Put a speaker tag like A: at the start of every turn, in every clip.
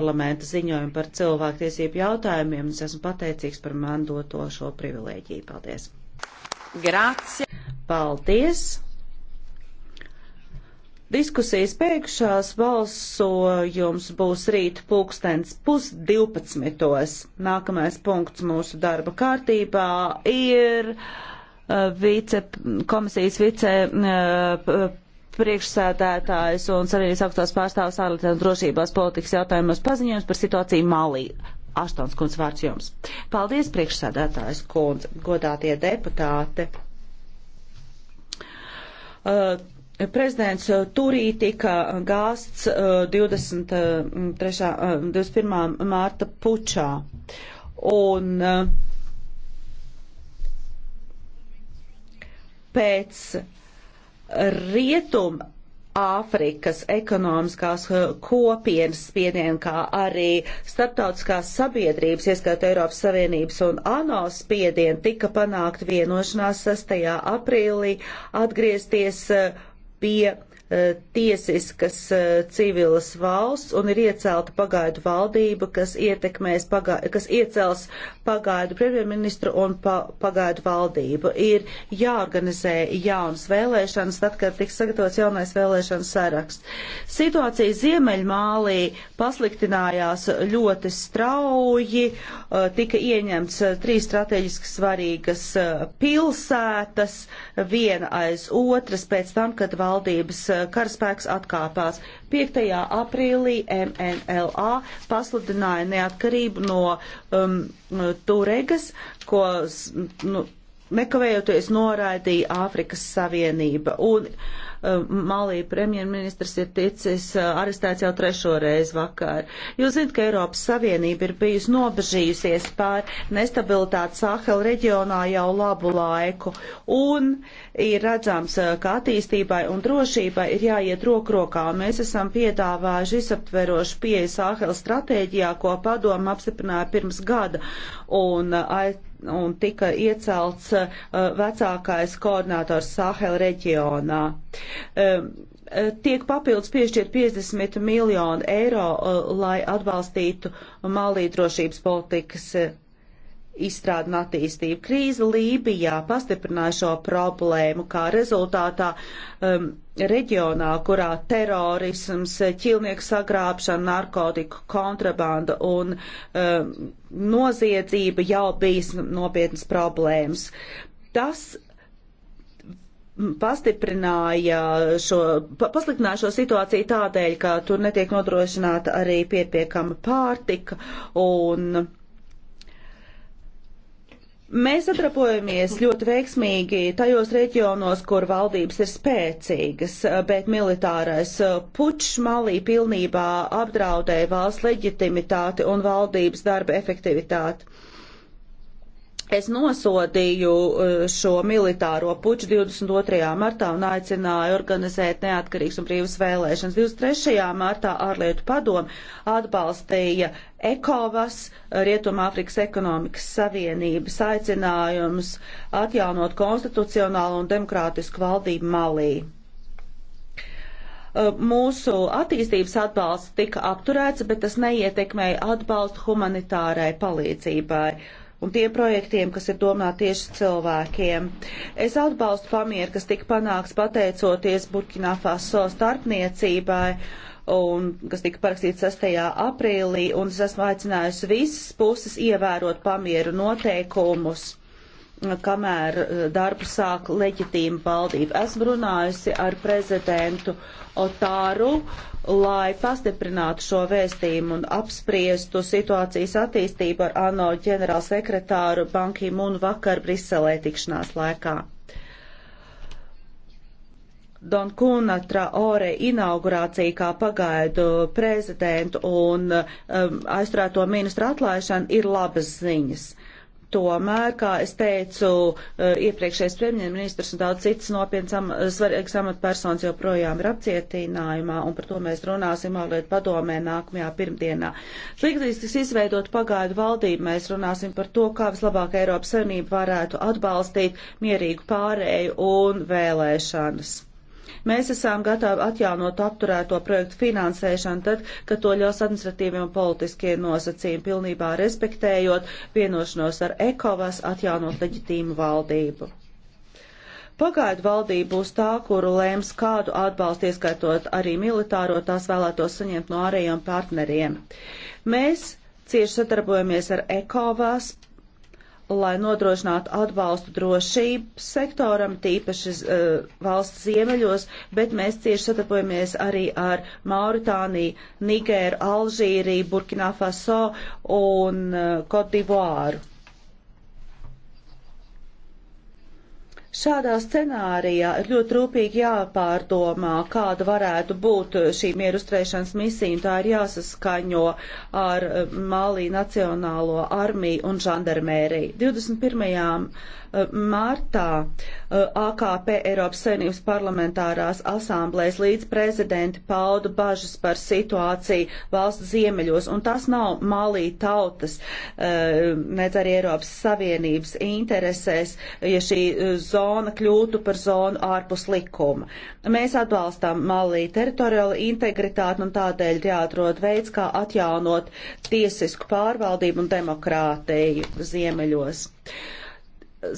A: parlamenta ziņojumu par cilvēktiesību jautājumiem. Es esmu pateicīgs par man doto šo privilēģiju. Paldies!
B: Grācija!
A: Paldies! Diskusijas beigšās balsojums būs rīt pulkstens pusdivpadsmitos. Nākamais punkts mūsu darba kārtībā ir eh, vice, komisijas vice eh, priekšsēdētājs un Savienības augstās pārstāvs ārlietās drošībās politikas jautājumos paziņojums par situāciju Malī. Aštons kundz vārds jums. Paldies, priekšsēdētājs kundz, godātie deputāti. Uh, Prezidents Turī tika gāsts 23. Uh, 21. Uh, uh, mārta pučā. Un pēc rietum Āfrikas ekonomiskās eh, kopienas spiedienu, kā arī starptautiskās sabiedrības, ieskaitot Eiropas Savienības un ANO spiedienu, tika panākt vienošanās 6. aprīlī atgriezties eh, pie E, tiesiskas e, civilas valsts un ir iecelta pagaidu valdība, kas, ietekmēs, pagā, kas iecels pagaidu premjerministru un pa, pagaidu valdību. Ir jāorganizē jaunas vēlēšanas, tad, kad tiks sagatavots jaunais vēlēšanu saraksts. Situācija Ziemeļmālī pasliktinājās ļoti strauji, e, tika ieņemts trīs strateģiski svarīgas pilsētas, viena aiz otras, pēc tam, kad valdības karaspēks atkāpās. 5. aprīlī MNLA pasludināja neatkarību no um, Turegas, ko. Nu, nekavējoties noraidīja Āfrikas Savienība. Un um, Malī premjerministrs ir ticis uh, arestēts jau trešo reizi vakar. Jūs zināt, ka Eiropas Savienība ir bijusi nobežījusies pār nestabilitāti Sāhel reģionā jau labu laiku. Un ir redzams, uh, ka attīstībai un drošībai ir jāiet roku rokā. Mēs esam piedāvājuši visaptverošu pieeju Sāhel stratēģijā, ko padoma apstiprināja pirms gada. Un, uh, un tika iecelts eh, vecākais koordinators Sahel reģionā. Ehm, eh, tiek papildus piešķirt 50 miljonu eiro, eh, lai atbalstītu malī drošības politikas izstrādu un attīstību. Krīze Lībijā pastiprināja šo problēmu, kā rezultātā um, reģionā, kurā terorisms, ķilnieku sagrābšana, narkotiku kontrabanda un um, noziedzība jau bijis nopietnas problēmas. Tas pastiprināja šo, pasliktināja šo situāciju tādēļ, ka tur netiek nodrošināta arī pietiekama pārtika un Mēs atrapojamies ļoti veiksmīgi tajos reģionos, kur valdības ir spēcīgas, bet militārais pučs malī pilnībā apdraudē valsts leģitimitāti un valdības darba efektivitāti. Es nosodīju eh, šo militāro puču 22. martā un aicināju organizēt neatkarīgas un brīvas vēlēšanas. 23. martā ārlietu padomu atbalstīja ECOVAS, Rietumāfrikas ekonomikas savienības aicinājums atjaunot konstitucionālu un demokrātisku valdību Malī. Eh, mūsu attīstības atbalsts tika apturēts, bet tas neietekmēja atbalstu humanitārai palīdzībai un tiem projektiem, kas ir domāti tieši cilvēkiem. Es atbalstu pamieru, kas tika panāks pateicoties Burkina Faso starpniecībai un kas tika parakstīts 6. aprīlī, un es esmu aicinājusi visas puses ievērot pamieru noteikumus kamēr eh, darbu sāk leģitīma valdība. Esmu runājusi ar prezidentu Otāru, uh, lai pastiprinātu šo vēstījumu un apspriestu situācijas attīstību ar ANO ģenerālsekretāru Banki Munu vakar Briselē tikšanās laikā. Don Kuna Traore inaugurācija kā pagaidu prezidentu un um, aizturēto ministru atlaišana ir labas ziņas. Uh, Tomēr, kā es teicu, eh, iepriekšējais premjerministrs un daudz citas nopietnas svarīgas amatpersonas joprojām ir apcietinājumā, un par to mēs runāsim ārlietu padomē nākamajā pirmdienā. Līgdīs tiks izveidot pagaidu valdību, mēs runāsim par to, kā vislabāk Eiropas Savienība varētu atbalstīt mierīgu pārēju un vēlēšanas. Mēs esam gatavi atjaunot apturēto projektu finansēšanu tad, kad to ļaus administratīvie un politiskie nosacījumi pilnībā respektējot vienošanos ar ECOVAS atjaunot leģitīmu valdību. Pagaidu valdība būs tā, kuru lēms kādu atbalstu, ieskaitot arī militāro, tās vēlētos saņemt no ārējiem partneriem. Mēs cieši sadarbojamies ar ECOVAS lai nodrošinātu atbalstu drošības sektoram, tīpaši uh, valsts ziemeļos, bet mēs cieši sadarbojamies arī ar Mauritāniju, Nigēru, Alžīriju, Burkina Faso un uh, eh, Kotivāru. Šādā scenārijā ir ļoti rūpīgi jāpārdomā, kāda varētu būt šī mieru uzturēšanas misija, un tā ir jāsaskaņo ar Malī Nacionālo armiju un žandarmēriju. 21. Martā uh, AKP Eiropas Savienības parlamentārās asamblēs līdz prezidenti pauda bažas par situāciju valsts ziemeļos, un tas nav malī tautas, uh, nedz arī Eiropas Savienības interesēs, ja šī uh, zona kļūtu par zonu ārpus likuma. Mēs atbalstām malī teritoriālu integritāti, un tādēļ ir jāatrod veids, kā atjaunot tiesisku pārvaldību un demokrātiju ziemeļos. Uh,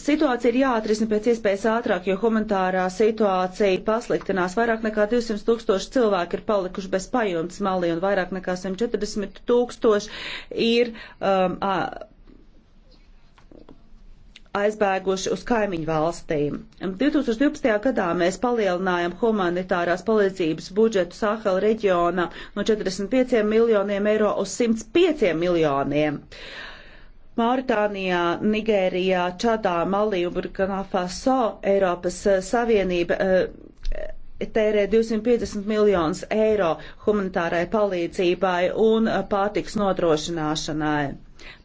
A: Situācija ir jāatrisina pēc iespējas ātrāk, jo humanitārā situācija pasliktinās. Vairāk nekā 200 tūkstoši cilvēki ir palikuši bez pajumtes malī un vairāk nekā 140 tūkstoši ir um, aizbēguši uz kaimiņu valstīm. 2012. gadā mēs palielinājām humanitārās palīdzības budžetu Sahel reģionā no 45 miljoniem eiro uz 105 miljoniem. Uh, Mauritānijā, Nigērijā, Čadā, Malī un Burkina Faso Eiropas eh, Savienība eh, tērē 250 miljonus eiro humanitārai palīdzībai un eh, pārtiks nodrošināšanai.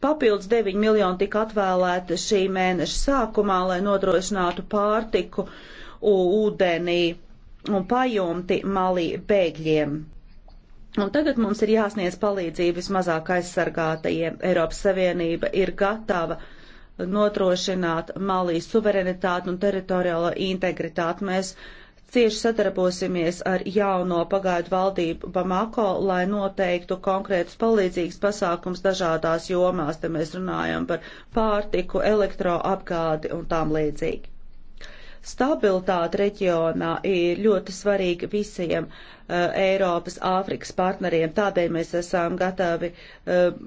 A: Papildus 9 miljoni tika atvēlēti šī mēneša sākumā, lai nodrošinātu pārtiku, ūdenī un pajumti malī bēgļiem. Un tagad mums ir jāsniedz palīdzība vismazāk aizsargātajiem. Eiropas Savienība ir gatava nodrošināt Malī suverenitāti un teritoriālo integritāti. Mēs cieši sadarbosimies ar jauno pagaidu valdību Bamako, lai noteiktu konkrētus palīdzīgas pasākums dažādās jomās, te mēs runājam par pārtiku, elektroapgādi un tām līdzīgi. Stabilitāte reģionā ir ļoti svarīga visiem uh, Eiropas, Āfrikas partneriem. Tādēļ mēs esam gatavi uh,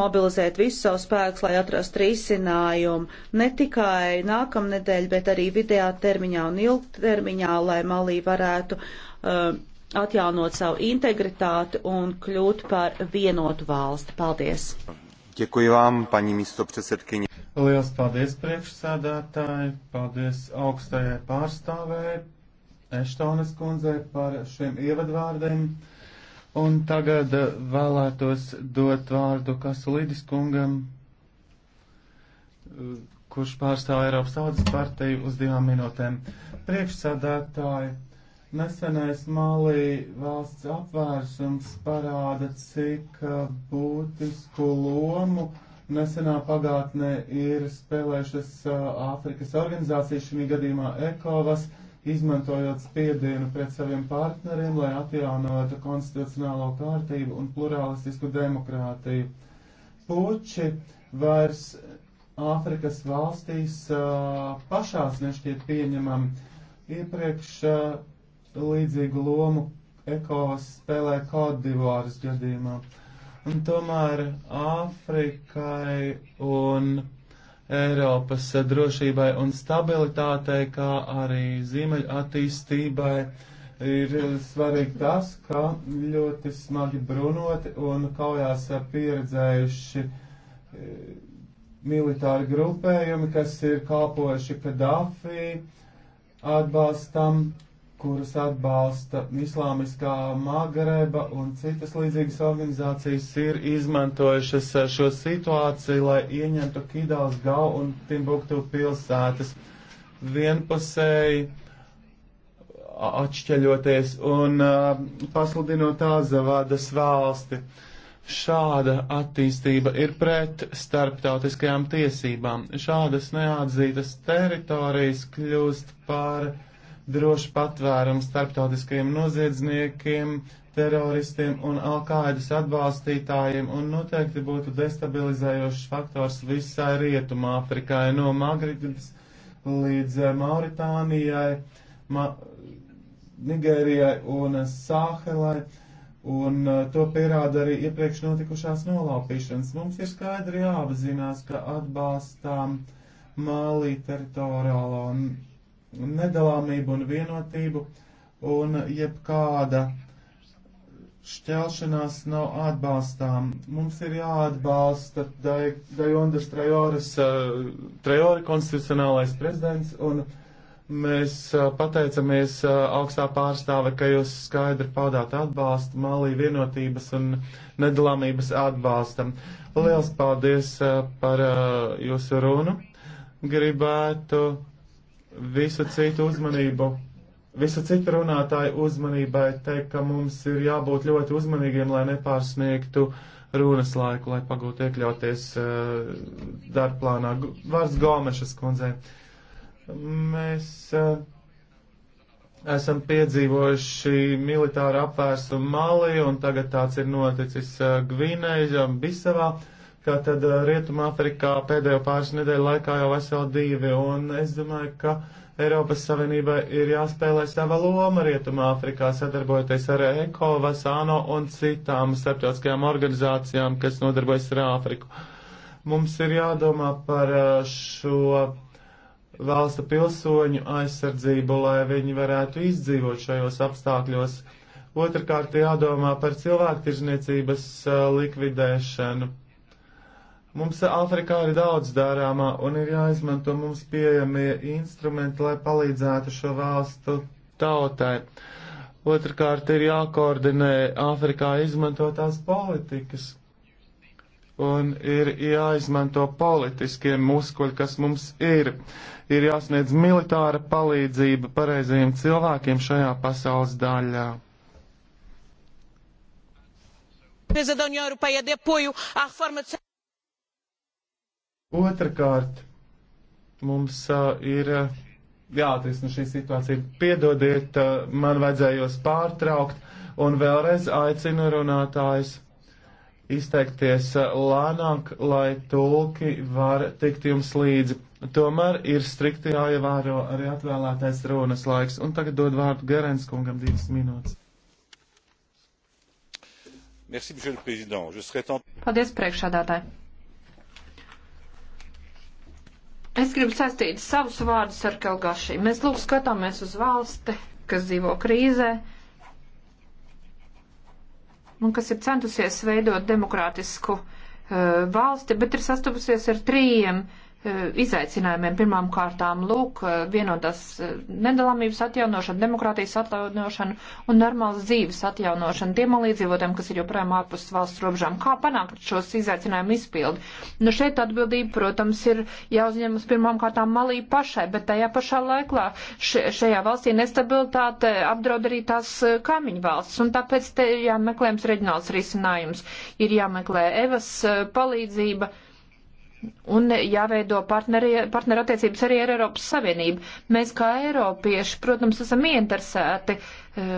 A: mobilizēt visus savus spēkus, lai atrastu risinājumu ne tikai nākamnedēļ, bet arī vidējā termiņā un ilgtermiņā, lai Malī varētu uh, atjaunot savu integritāti un kļūt par vienotu
C: valsti. Paldies! Ďakujem vám, pani mistopredsedkyni. Lielas paldies priekšsēdētāji, paldies augstajai pārstāvēji Eštonas kundzei par šiem ievadvārdiem. Un tagad vēlētos dot vārdu Kasulīdis kungam, kurš pārstāv Eiropas tautas partiju uz divām minūtēm. Priekšsādātāji, Nesenais Malī valsts apvērsums parāda, cik uh, būtisku lomu nesenā pagātnē ir spēlējušas uh, Āfrikas organizācijas, šī gadījumā ECOVAS, izmantojot spiedienu pret saviem partneriem, lai atjaunotu konstitucionālo kārtību un plurālistisku demokrātiju. Puči vairs Āfrikas valstīs uh, pašās nešķiet pieņemami. Iepriekš uh, līdzīgu lomu ekos spēlē Kodivāras gadījumā. Un tomēr Āfrikai un Eiropas drošībai un stabilitātei, kā arī Ziemeļa attīstībai, ir svarīgi tas, ka ļoti smagi brunoti un kaujās pieredzējuši e, militāri grupējumi, kas ir kalpojuši Kadāfī atbalstam kuras atbalsta Islāmiskā Magreba un citas līdzīgas organizācijas, ir izmantojušas eh, šo situāciju, lai ieņemtu Kidāls Gau un Timbuktu pilsētas vienpusēji atšķeļoties un uh, pasludinot Azavadas valsti. Šāda attīstība ir pret starptautiskajām tiesībām. Šādas neatzītas teritorijas kļūst par uh, drošu patvērumu starptautiskajiem noziedzniekiem, teroristiem un Alkaidas atbalstītājiem un noteikti būtu destabilizējošs faktors visai Rietumā Afrikai no Magribas līdz eh, Mauritānijai, Ma Nigērijai un Sāhelai. Un eh, to pierāda arī iepriekš notikušās nolaupīšanas. Mums ir skaidri jāapzinās, ka atbalstām Mālī teritoriālo un nedalāmību un vienotību, un jebkāda šķelšanās nav atbalstām. Mums ir jāatbalsta Dajondas Trajoras, uh, Trajori konstitucionālais prezidents, un mēs uh, pateicamies uh, augstā pārstāve, ka jūs skaidri paudāt atbalstu malī vienotības un nedalāmības atbalstam. Liels paldies par jūsu runu. Gribētu visu citu uzmanību, visu citu runātāju uzmanībai teikt, ka mums ir jābūt ļoti uzmanīgiem, lai nepārsniegtu runas laiku, lai pagūtu iekļauties uh, darbplānā. Vārds Gomešas kundzei. Mēs uh, esam piedzīvojuši militāru apvērsumu Mali, un tagad tāds ir noticis uh, eh, Gvinēžam, Bisavā. Uh, Tātad eh, Rietumāfrikā pēdējo pāris nedēļu laikā jau veseli divi, un es domāju, ka Eiropas Savienībai ir jāspēlē sava loma Rietumāfrikā, sadarbojoties ar ECO, Vasāno un citām starptautiskajām organizācijām, kas nodarbojas ar Āfriku. Mums ir jādomā par eh, šo valsta pilsoņu aizsardzību, lai viņi varētu izdzīvot šajos apstākļos. Otrakārt jādomā par cilvēktirzniecības eh, likvidēšanu. Mums Āfrikā ir daudz darāmā un ir jāizmanto mums pieejamie instrumenti, lai palīdzētu šo valstu tautai. Otrakārt ir jākoordinē Āfrikā izmantotās politikas un ir jāizmanto politiskie muskuļi, kas mums ir. Ir jāsniedz militāra palīdzība pareizajiem cilvēkiem šajā pasaules daļā empresa da união europeia
A: de apoio à reforma de.
C: Otrakārt, mums uh, ir uh, jāatrisina šī situācija. Piedodiet, uh, man vajadzējos pārtraukt un vēlreiz aicinu runātājus izteikties uh, lēnāk, lai tulki var tikt jums līdzi. Tomēr ir strikti jāievēro arī atvēlētais runas laiks. Un tagad dod vārdu Gerenskungam divas minūtes. Merci, Paldies,
B: priekšādātāji! Es gribu saistīt savus vārdus ar Kelgaši. Mēs lūk skatāmies uz valsti, kas dzīvo krīzē un kas ir centusies veidot demokrātisku uh, valsti, bet ir sastopusies ar trījiem uh, E, izaicinājumiem. Pirmām kārtām lūk e, vienotās e, nedalāmības atjaunošana, demokrātijas atjaunošana un normālas dzīves atjaunošana tiem līdzīvotiem, kas ir joprojām ārpus valsts robežām. Kā panākt šos izaicinājumu izpildi? Nu šeit atbildība, protams, ir jāuzņemas pirmām kārtām malī pašai, bet tajā pašā laikā šajā valstī nestabilitāte apdraud arī tās kaimiņu valsts un tāpēc te jāmeklējums reģionāls risinājums. Ir jāmeklē Evas palīdzība. Uh, Un jāveido partnerattiecības arī ar Eiropas Savienību. Mēs kā Eiropieši, protams, esam ieinteresēti, eh,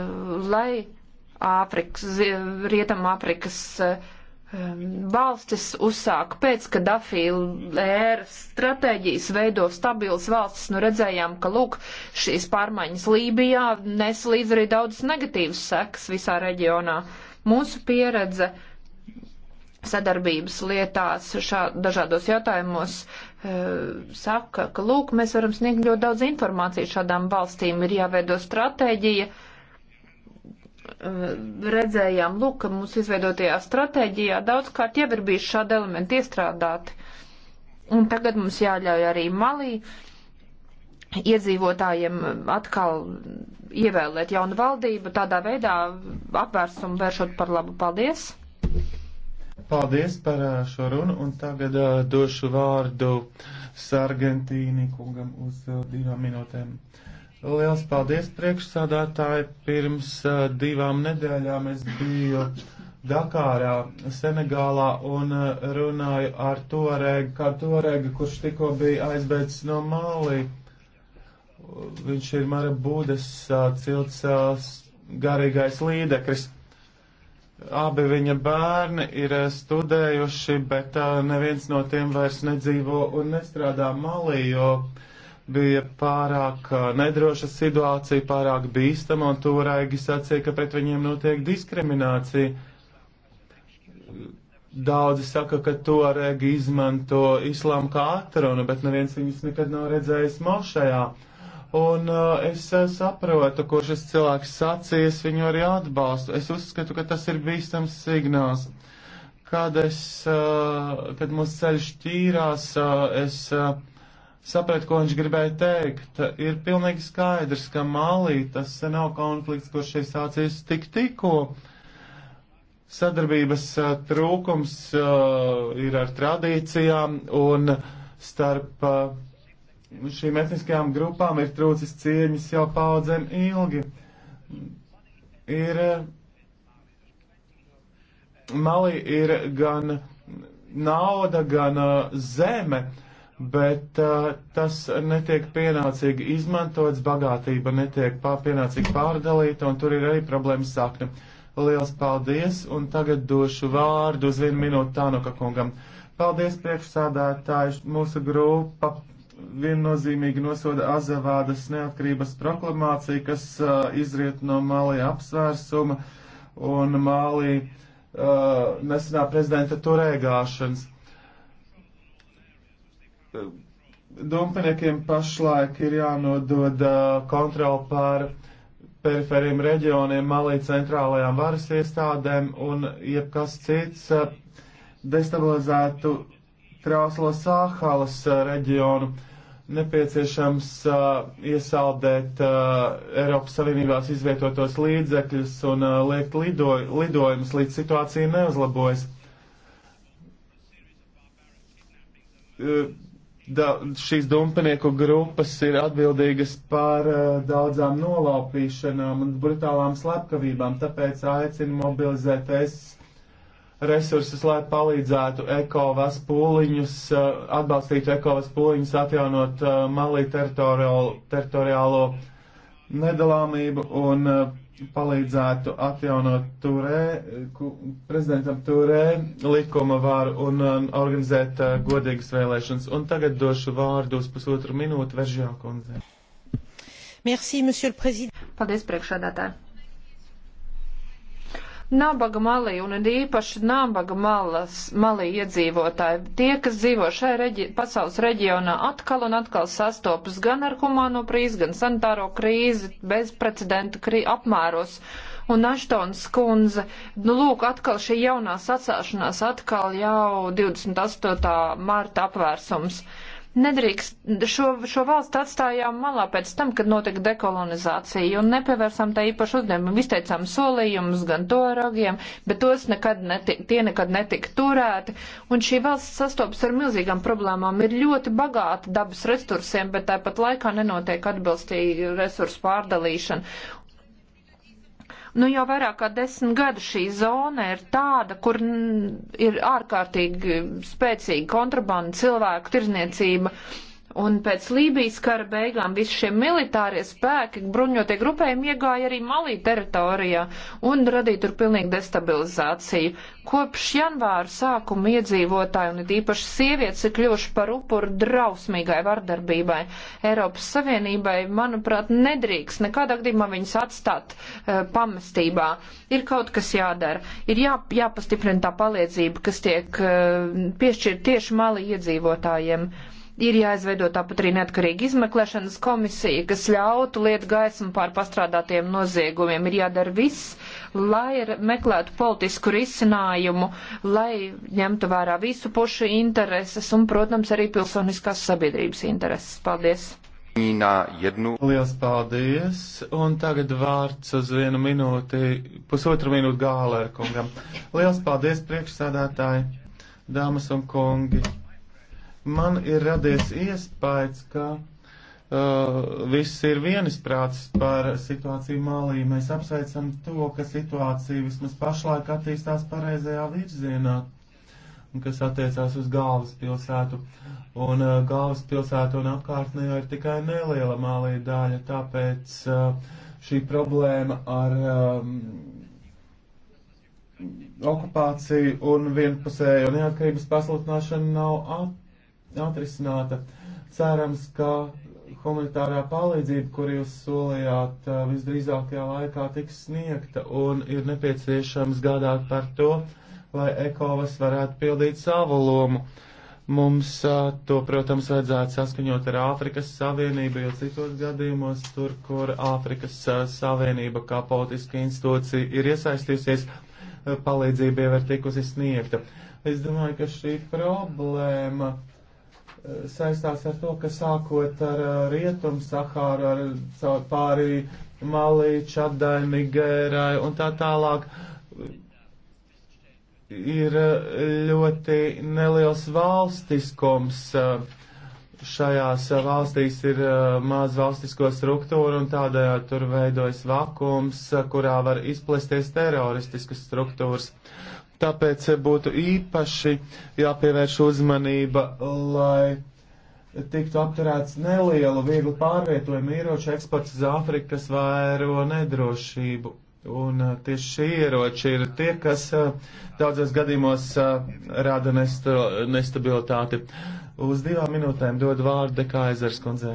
B: lai Āfrikas, Rietam Āfrikas eh, valstis uzsāka pēc Kadafī ēras stratēģijas veido stabilas valstis. Nu redzējām, ka lūk, šīs pārmaiņas Lībijā nes līdz arī daudz negatīvas sekas visā reģionā. Mūsu pieredze sadarbības lietās, šā, dažādos jautājumos e, saka, ka, lūk, mēs varam sniegt ļoti daudz informācijas šādām valstīm, ir jāveido stratēģija. E, redzējām, lūk, ka mūsu izveidotajā stratēģijā daudzkārt jau ir bijuši šādi elementi iestrādāti. Un tagad mums jāļauj arī malī iedzīvotājiem atkal ievēlēt jaunu valdību, tādā veidā apvērsumu vēršot par labu. Paldies!
C: Paldies par šo runu, un tagad došu vārdu Sargentīni kungam uz divām minūtēm. Liels paldies priekšsādātāji. Pirms divām nedēļām es biju Dakārā, Senegālā un runāju ar Toregu, kā Toregu, kurš tikko bija aizbēdzis no Mali. Viņš ir Mara Būdas cilts garīgais līdekris. Abi viņa bērni ir eh, studējuši, bet uh, neviens no tiem vairs nedzīvo un nestrādā malī, jo bija pārāk uh, nedroša situācija, pārāk bīstama un tūraigi sacīja, ka pret viņiem notiek diskriminācija. Daudzi saka, ka toreigi izmanto islāmu kā atrunu, bet neviens viņus nekad nav redzējis mošajā. Uh, Un uh, es uh, saprotu, ko šis cilvēks sacīja, es viņu arī atbalstu. Es uzskatu, ka tas ir bīstams signāls. Kad, es, uh, kad mūsu ceļš tīrās, uh, es uh, sapratu, ko viņš gribēja teikt. Ir pilnīgi skaidrs, ka Malī tas nav konflikts, kurš ir sācies tik tikko. Sadarbības uh, trūkums uh, ir ar tradīcijām un starp. Uh, šīm etniskajām grupām ir trūcis cieņas jau paudzēm ilgi. Ir, eh, Malī ir gan nauda, gan uh, zeme, bet uh, tas netiek pienācīgi izmantots, bagātība netiek pā, pienācīgi pārdalīta, un tur ir arī problēmas sakne. Liels paldies, un tagad došu vārdu uz vienu minūtu Tānuka kungam. Paldies priekšsādātāji, mūsu grupa viennozīmīgi nosoda Azavādas neatkarības proklamāciju, kas uh, izriet no Mālī apsvērsuma un Mālī uh, nesenā prezidenta turēgāšanas. Dumpiniekiem pašlaik ir jānodod uh, kontroli pār periferiem reģioniem, Malī centrālajām varas iestādēm un jebkas cits uh, destabilizētu trauslo Sāhalas reģionu. Uh, nepieciešams uh, iesaldēt uh, Eiropas Savienībās izvietotos līdzekļus un uh, liekt lido, lidojumus, līdz situācija neuzlabojas. Uh, da, šīs dumpinieku grupas ir atbildīgas par uh, daudzām nolaupīšanām un brutālām slepkavībām, tāpēc aicinu mobilizēt es resursus, lai palīdzētu ekovas pūliņus, uh, atbalstītu ekovas pūliņus, atjaunot uh, malī teritoriālo nedalāmību un uh, palīdzētu atjaunot turē, prezidentam turē likuma varu un um, organizēt godīgas vēlēšanas. Un tagad došu vārdu uz pusotru minūtu Veržjā kundzei.
B: Merci, monsieur le président. Paldies, priekšādātāji. Nabaga malī un īpaši nabaga malas, malī iedzīvotāji, tie, kas dzīvo šai reģi pasaules reģionā, atkal un atkal sastopas gan ar humāno krīzi, gan sanitāro krīzi, bezprecedenta krī apmēros un Aštons kundze, nu lūk, atkal šī jaunā sacēšanās, atkal jau 28. marta apvērsums. Nedrīkst šo, šo valstu atstājām malā pēc tam, kad notika dekolonizācija un nepievērsām tā īpašu uzņēmumu. Izteicām solījumus gan to ragiem, bet tos nekad netika, tie nekad netika turēti. Un šī valsts sastopas ar milzīgām problēmām. Ir ļoti bagāta dabas resursiem, bet tāpat laikā nenotiek atbilstīga resursu pārdalīšana. Nu, jau vairāk kā desmit gadu šī zona ir tāda, kur ir ārkārtīgi spēcīga kontrabanda, cilvēku tirzniecība. Uh, Un pēc Lībijas kara beigām visi šie militārie spēki, bruņotie grupējumi iegāja arī Malī teritorijā un radīja tur pilnīgi destabilizāciju. Kopš janvāra sākuma iedzīvotāji un it īpaši sievietes ir kļuvuši par upuru drausmīgai vardarbībai. Eiropas Savienībai, manuprāt, nedrīkst nekādā gadījumā viņus atstāt uh, pamestībā. Ir kaut kas jādara. Ir jā, jāpastiprina tā palīdzība, kas tiek uh, piešķirta tieši Malī iedzīvotājiem. Thank you Ir jāizveido tāpat arī neatkarīga izmeklēšanas komisija, kas ļautu lietu gaismu pār pastrādātiem noziegumiem. Ir jādara viss, lai meklētu politisku risinājumu, lai ņemtu vērā visu pušu intereses un, protams, arī pilsoniskās sabiedrības intereses. Paldies!
C: Lielas paldies! Un tagad vārds uz vienu minūti, pusotru minūtu gālē kungam. Lielas paldies priekšsādātāji, dāmas un kungi! man ir radies iespējas, ka uh, viss ir vienisprāts par situāciju Malī. Mēs apsveicam to, ka situācija vismaz pašlaik attīstās pareizajā virzienā, kas attiecās uz galvaspilsētu. Un uh, galvaspilsētu un apkārtnē jau ir tikai neliela Malī daļa, tāpēc uh, šī problēma ar. Um, okupāciju un vienpusēju neatkarības pasludināšanu nav at atrisināta. Cerams, ka humanitārā palīdzība, kur jūs solījāt, visdrīzākajā laikā tiks sniegta un ir nepieciešams gādāt par to, lai ekovas varētu pildīt savu lomu. Mums to, protams, vajadzētu saskaņot ar Āfrikas Savienību, jo citos gadījumos tur, kur Āfrikas Savienība kā politiska institūcija ir iesaistījusies, palīdzība jau ir tikusi sniegta. Es domāju, ka šī problēma uh, saistās ar to, ka sākot ar rietumu Sahāru, ar pāri Malī, Čadai, Nigērai un tā tālāk, ir ļoti neliels valstiskums. Šajās valstīs ir maz valstisko struktūru un tādējādi tur veidojas vakums, kurā var izplesties teroristiskas struktūras. Uh, Tāpēc būtu īpaši jāpievērš uzmanība, lai tiktu apturēts nelielu vieglu pārvietojumu ieroču eksports uz Āfriku, kas vairo nedrošību. Un uh, tieši šie ieroči ir tie, kas uh, daudzos gadījumos uh, rada nesta, nestabilitāti. Uz divām minūtēm dod vārdu Dekaizers kundzei.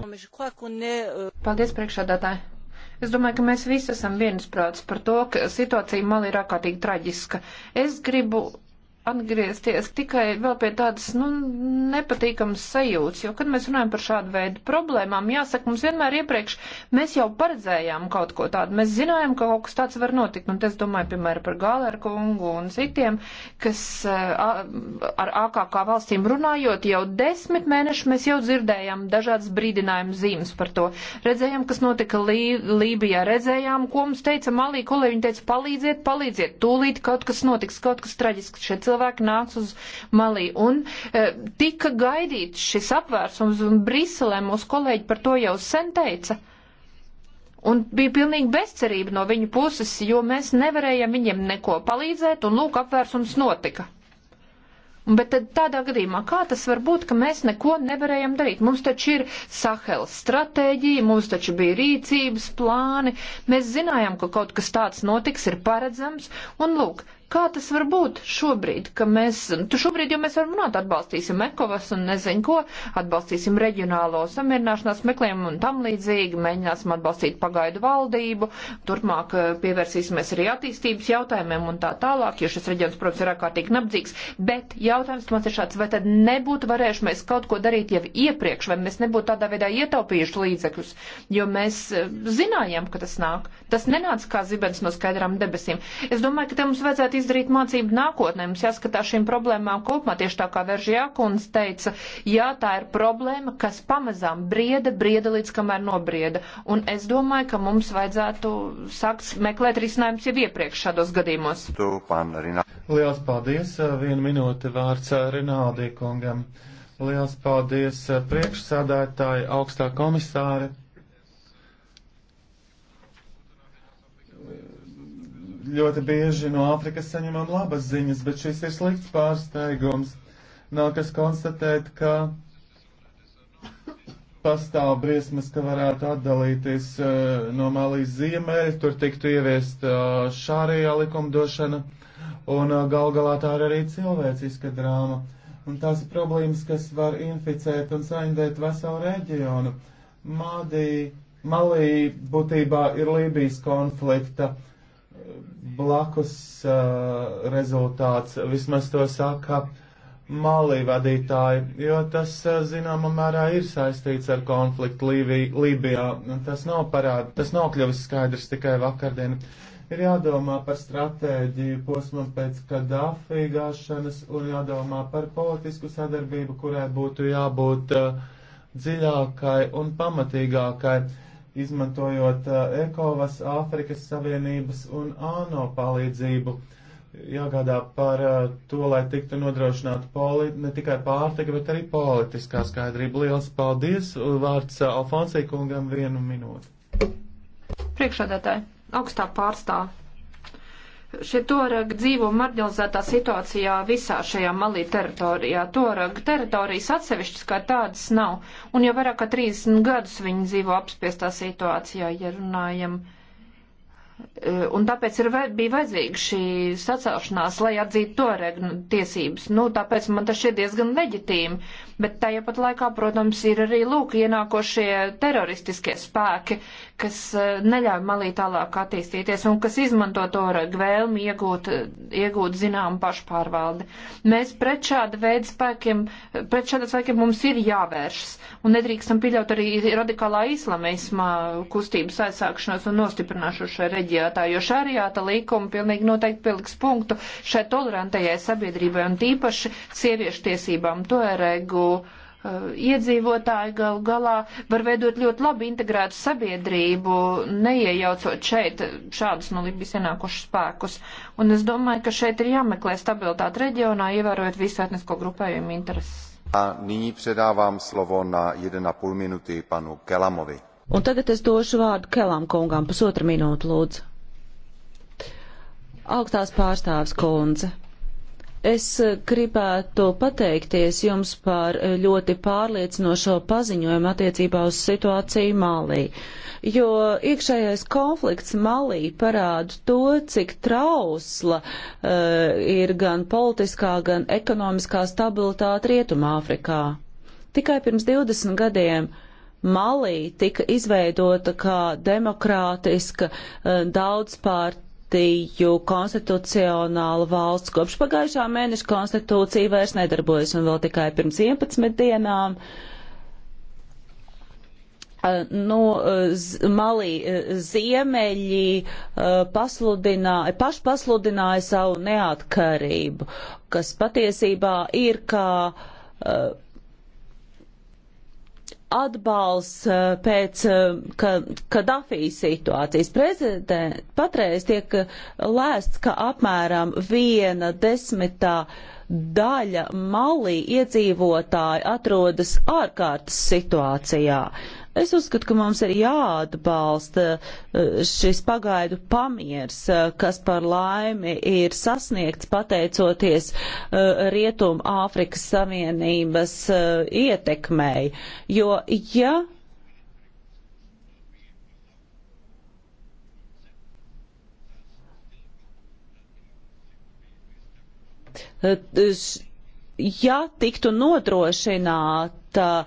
B: Paldies, priekšādātāji! Es domāju, ka mēs visi esam viensprāts par to, ka situācija Mali ir ārkārtīgi traģiska. Es gribu atgriezties tikai vēl pie tādas, nu, nepatīkamas sajūtas, jo, kad mēs runājam par šādu veidu problēmām, jāsaka, mums vienmēr iepriekš mēs jau paredzējām kaut ko tādu, mēs zinājām, ka kaut kas tāds var notikt, un es domāju, piemēram, par Gālēru kungu un citiem, kas eh, a, ar AKK valstīm runājot, jau desmit mēnešus mēs jau dzirdējām dažādas brīdinājumu zīmes par to. Redzējām, kas notika Lī Lībijā, redzējām, ko mums teica Malī, kolēģi, viņi teica, palīdziet, palīdziet, tūlīt kaut kas notiks, kaut kas traģisks šeit cilvēks cilvēki nāca uz Malī. Un e, tika gaidīts šis apvērsums, un Briselē mūsu kolēģi par to jau sen teica. Un bija pilnīgi bezcerība no viņu puses, jo mēs nevarējām viņiem neko palīdzēt, un lūk, apvērsums notika. Bet tad tādā gadījumā, kā tas var būt, ka mēs neko nevarējam darīt? Mums taču ir Sahela stratēģija, mums taču bija rīcības plāni, mēs zinājām, ka kaut kas tāds notiks, ir paredzams, un lūk, Kā tas var būt šobrīd, ka mēs, tu šobrīd jau mēs varam runāt, atbalstīsim ekovas un nezinu ko, atbalstīsim reģionālo samierināšanās meklējumu un tam līdzīgi, mēģināsim atbalstīt pagaidu valdību, turpmāk eh, pievērsīsimies arī attīstības jautājumiem un tā tālāk, jo šis reģions, protams, ir ārkārtīgi nabdzīgs, bet jautājums mums ir šāds, vai tad nebūtu varējuši mēs kaut ko darīt jau iepriekš, vai mēs nebūtu tādā veidā ietaupījuši līdzekļus, jo mēs eh, zinājām, ka tas nāk. Tas nenāca kā zibens no skaidrām debesīm. Es domāju, ka te mums vajadzētu izdarīt mācību nākotnē. Mums jāskatās šīm problēmām kopumā, tieši tā kā Veržijā kundze teica, jā, tā ir problēma, kas pamazām brieda, brieda līdz kamēr nobrieda. Un es domāju, ka mums vajadzētu sākt meklēt risinājumus jau iepriekš
C: šādos gadījumos. Lielas paldies, viena minūte vārds Rinaldī kungam. Lielas paldies priekšsādātāji, augstā komisāre. ļoti bieži no Āfrikas saņemam labas ziņas, bet šis ir slikts pārsteigums. Nākas konstatēt, ka pastāv briesmas, ka varētu atdalīties uh, no Malijas ziemeļa, tur tiktu ieviest uh, eh, šārajā likumdošana, un uh, gal galā tā ir arī cilvēciska drāma. Un tās ir problēmas, kas var inficēt un saindēt veselu reģionu. Mādī, Malī būtībā ir Lībijas konflikta blakus uh, rezultāts, vismaz to saka Malī vadītāji, jo tas, uh, zināmā mērā, ir saistīts ar konfliktu Līvij, Lībijā. Tas nav parādi, tas nav kļuvis skaidrs tikai vakardien. Ir jādomā par stratēģiju posmam pēc Kadāfī gāšanas un jādomā par politisku sadarbību, kurai būtu jābūt uh, dziļākai un pamatīgākai. Uh, izmantojot uh, ECOVAS, Āfrikas Savienības un ANO palīdzību. Jāgādā par uh, to, lai tiktu nodrošināta ne tikai pārtika, bet arī politiskā skaidrība. Lielas paldies! Vārds uh, Alfonsī kungam vienu minūti.
B: Priekšādātāji, augstā pārstāv Šie toragi dzīvo marginalizētā situācijā visā šajā malī teritorijā. Toragi teritorijas atsevišķas kā tādas nav, un jau vairāk kā 30 gadus viņi dzīvo apspiestā situācijā, ja runājam. Uh, Eh, un tāpēc ir, bija vajadzīga šī sacelšanās, lai atzītu to nu, tiesības. Nu, tāpēc man tas šķiet diezgan leģitīmi. Bet tajā pat laikā, protams, ir arī lūk ienākošie teroristiskie spēki, kas eh, neļauj malī tālāk attīstīties un kas izmanto to vēlmi iegūt, iegūt zinām pašpārvaldi. Mēs pret šāda veida spēkiem, pret šāda spēkiem mums ir jāvēršas un nedrīkstam pieļaut arī radikālā islamisma kustības aizsākšanos un nostiprināšanu šajā reģionā reliģijātā, jo šārijāta likuma pilnīgi noteikti pieliks punktu šai tolerantajai sabiedrībai un tīpaši sieviešu tiesībām. To eregu eh, iedzīvotāji gal galā var veidot ļoti labi integrētu sabiedrību, neiejaucot šeit šādus no nu, Libijas ienākušus spēkus. Un es domāju, ka šeit ir jāmeklē stabilitāte reģionā, ievērojot visu etnisko grupējumu intereses.
C: A nyní předávám slovo na 1,5 minuty panu Kelamovi.
A: Un tagad es došu vārdu Kelām kungām. Pusotra minūte, lūdzu. Augstās pārstāvs kundze. Es eh, gribētu pateikties jums par eh, ļoti pārliecinošo paziņojumu attiecībā uz situāciju Malī, jo iekšējais konflikts Malī parāda to, cik trausla uh, ir gan politiskā, gan ekonomiskā stabilitāte Rietumāfrikā. Tikai pirms 20 gadiem Malī tika izveidota kā demokrātiska eh, daudzpārtiju konstitucionāla valsts. Kopš pagājušā mēneša konstitūcija vairs nedarbojas un vēl tikai pirms 11 dienām. Eh, no nu, eh, Malī ziemeļi pasludināja, pašpasludināja savu neatkarību, kas patiesībā ir kā uh, atbalsts eh, pēc eh, Kadafijas situācijas. Prezident, patreiz tiek lēsts, ka apmēram viena desmitā daļa malī iedzīvotāji atrodas ārkārtas situācijā. Uh, Es uzskatu, ka mums ir jāatbalsta eh, šis pagaidu pamiers, eh, kas par laimi ir sasniegts pateicoties eh, Rietumu Āfrikas Savienības ietekmei. Jo, ja Ja tiktu nodrošināt uh,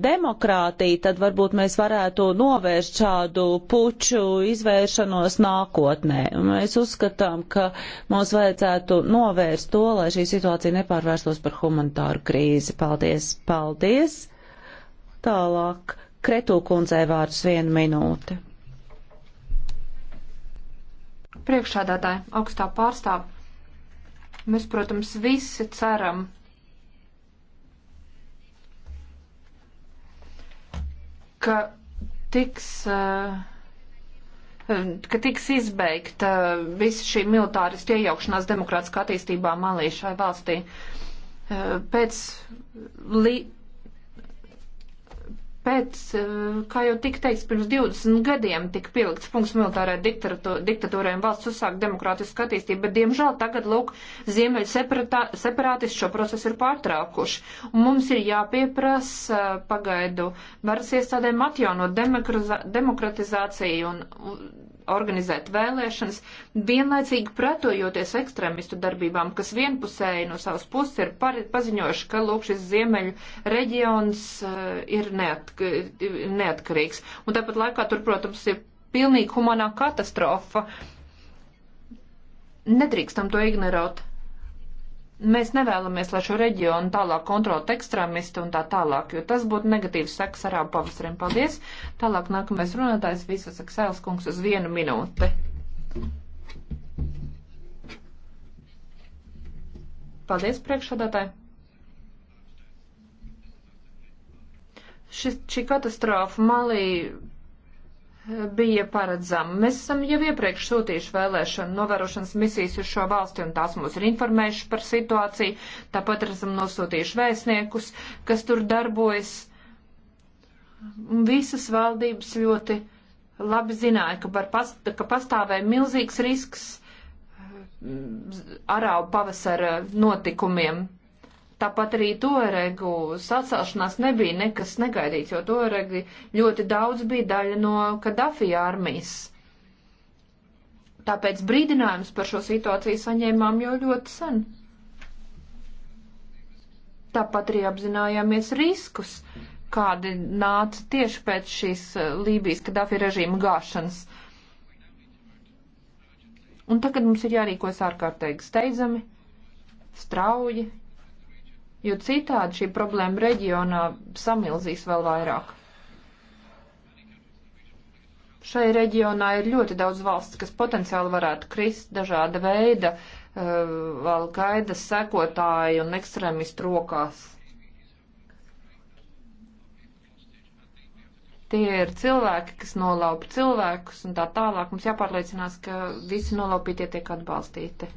A: demokrātiju, tad varbūt mēs varētu novērst šādu puču izvēršanos nākotnē. Mēs uzskatām, ka mums vajadzētu novērst to, lai šī situācija nepārvērstos par humanitāru krīzi. Paldies, paldies! Tālāk, Kretū kundzei vārdus vienu minūti.
B: Priekšādātāji, augstā pārstāv, mēs, protams, visi ceram, ka tiks. Uh, ka tiks izbeigta visa šī militāristu iejaukšanās demokrātiskā attīstībā Malī šai valstī. Eh, pēc li pēc, eh, kā jau tika teikts, pirms 20 gadiem tika pielikts punkts militārai diktatūrai un valsts uzsākt demokrātisku attīstību, bet, diemžēl, tagad, lūk, ziemeļu separātisti šo procesu ir pārtraukuši. Un mums ir jāpieprasa pagaidu varas iestādēm atjaunot demokratizāciju un organizēt vēlēšanas, vienlaicīgi pretojoties ekstrēmistu darbībām, kas vienpusēji no savas puses ir par, paziņojuši, ka lūk šis ziemeļu reģions uh, ir neatk neatkarīgs. Un tāpat laikā tur, protams, ir pilnīgi humanā katastrofa. Nedrīkstam to ignorēt. Mēs nevēlamies, lai šo reģionu tālāk kontrolētu ekstrēmisti un tā tālāk, jo tas būtu negatīvs seks arābu pavasarim. Paldies! Tālāk nākamais runātājs visas Aksēls kungs uz vienu minūti. Paldies, priekšsādātāji! Šis, šī katastrofa malī bija paredzama. Mēs esam jau iepriekš sūtījuši vēlēšanu novērošanas misijas uz šo valsti, un tās mūs ir informējuši par situāciju. Tāpat esam nosūtījuši vēstniekus, kas tur darbojas. Visas valdības ļoti labi zināja, ka, past, ka pastāvēja milzīgs risks mm, arābu pavasara notikumiem Tāpat arī Tuaregu sacelšanās nebija nekas negaidīts, jo Tuaregi ļoti daudz bija daļa no Kadafī armijas. Tāpēc brīdinājums par šo situāciju saņēmām jau ļoti sen. Tāpat arī apzinājāmies riskus, kādi nāca tieši pēc šīs eh, Lībijas Kadafī režīma gāšanas. Un tagad mums ir jārīkojas ārkārtīgi steidzami, strauji jo citādi šī problēma reģionā samilzīs vēl vairāk. Šai reģionā ir ļoti daudz valsts, kas potenciāli varētu krist dažāda veida uh, eh, Alkaidas sekotāju un ekstremistu rokās. Tie ir cilvēki, kas nolaupa cilvēkus un tā tālāk. Mums jāpārliecinās, ka visi nolaupītie tiek atbalstīti.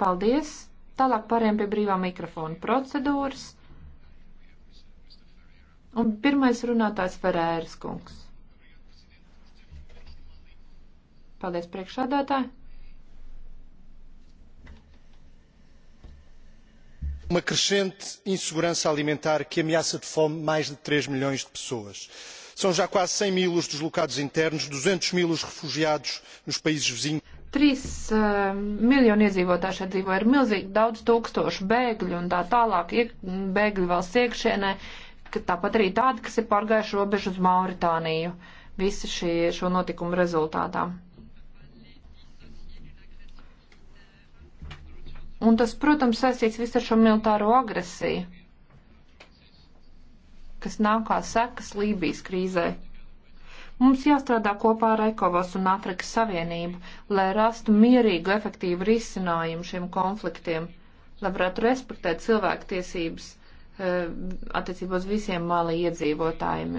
B: Paldies! Tālāk pārējām pie brīvā mikrofona procedūras. Un pirmais runātājs Ferēras kungs. Paldies priekšādātāji.
C: uma crescente insegurança alimentar que ameaça de fome mais de três milhões de pessoas. São já quase 100 mil os deslocados internos, 200 mil os refugiados nos países vizinhos. Trīs
B: uh, miljoni iedzīvotāji šeit dzīvo, ir milzīgi daudz tūkstošu bēgļu un tā tālāk iek, bēgļu valsts iekšienē, ka tāpat arī tādi, kas ir pārgājuši robežu uz Mauritāniju, visi šie, šo notikumu rezultātā. Un tas, protams, saistīts visu ar šo militāro agresiju, kas nāk kā sekas Lībijas krīzē. Mums jāstrādā kopā ar Ekovas un Afrikas Savienību, lai rastu mierīgu, efektīvu risinājumu šiem konfliktiem, lai varētu respektēt cilvēku tiesības eh, attiecībā uz visiem malī iedzīvotājiem.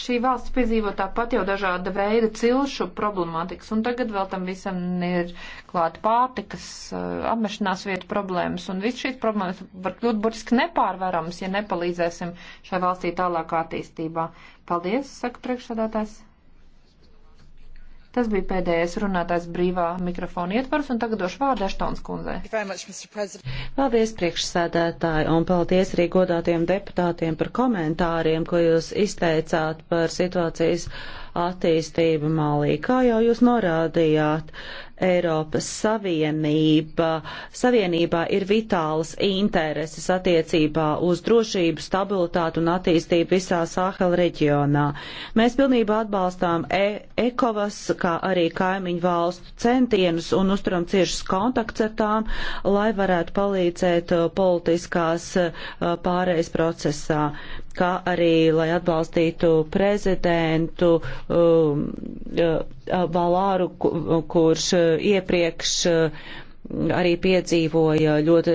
B: Šī valsts piedzīvo tāpat jau dažāda veida cilšu problemātikas, un tagad vēl tam visam ir klāt pārtikas, eh, apmešanās vietu problēmas, un viss šīs problēmas var kļūt burtiski nepārvaramas, ja nepalīdzēsim šai valstī tālāk attīstībā. Paldies, saka priekšsādātājs. Tas bija pēdējais runātājs brīvā mikrofona ietvars, un tagad došu vārdu Eštons kundzei.
A: Paldies priekšsēdētāji, un paldies arī godātiem deputātiem par komentāriem, ko jūs izteicāt par situācijas attīstība Malī. Kā jau jūs norādījāt, Eiropas Savienība, Savienībā ir vitālas intereses attiecībā uz drošību, stabilitātu un attīstību visā Sāhela reģionā. Mēs pilnībā atbalstām e ECOVAS, kā arī kaimiņu valstu centienus un uzturam ciešas kontakts ar tām, lai varētu palīdzēt uh, politiskās uh, pārējas procesā kā arī, lai atbalstītu prezidentu um, uh, Valāru, kurš iepriekš uh, arī piedzīvoja ļoti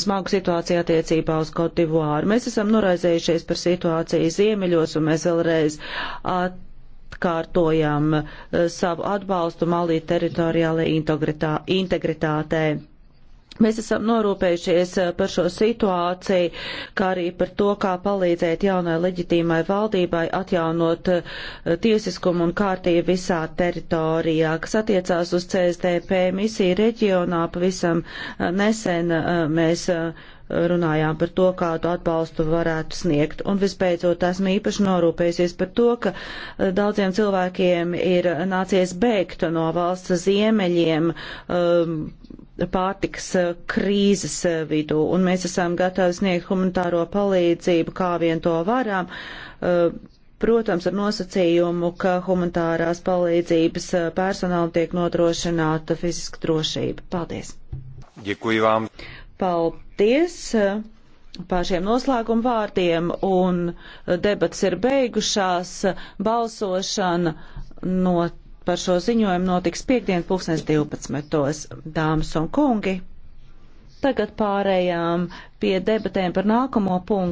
A: smagu situāciju attiecībā uz Kotivāru. Mēs esam noraizējušies par situāciju ziemeļos, un mēs vēlreiz atkārtojam uh, savu atbalstu Malī teritoriālajai integritātei. Mēs esam norūpējušies eh, par šo situāciju, kā arī par to, kā palīdzēt jaunai leģitīmai valdībai atjaunot eh, tiesiskumu un kārtību visā teritorijā, kas attiecās uz CSDP misiju reģionā. Pavisam eh, nesen mēs runājām par to, kādu atbalstu varētu sniegt. Un visbeidzot, esmu īpaši norūpējusies par to, ka daudziem cilvēkiem ir nācies bēgt no valsts ziemeļiem um, pārtikas eh, krīzes eh, vidū, un mēs esam gatavi sniegt humanitāro palīdzību, kā vien to varam. Eh, protams, ar nosacījumu, ka humanitārās palīdzības personāla tiek nodrošināta fiziska drošība. Paldies!
C: Děkuji vám!
A: Paldies! Pār šiem noslēguma vārdiem un debats ir beigušās, balsošana notiek par šo ziņojumu notiks piekdien pulksnes 12. Dāmas un kungi, tagad pārējām pie debatēm par nākamo punktu.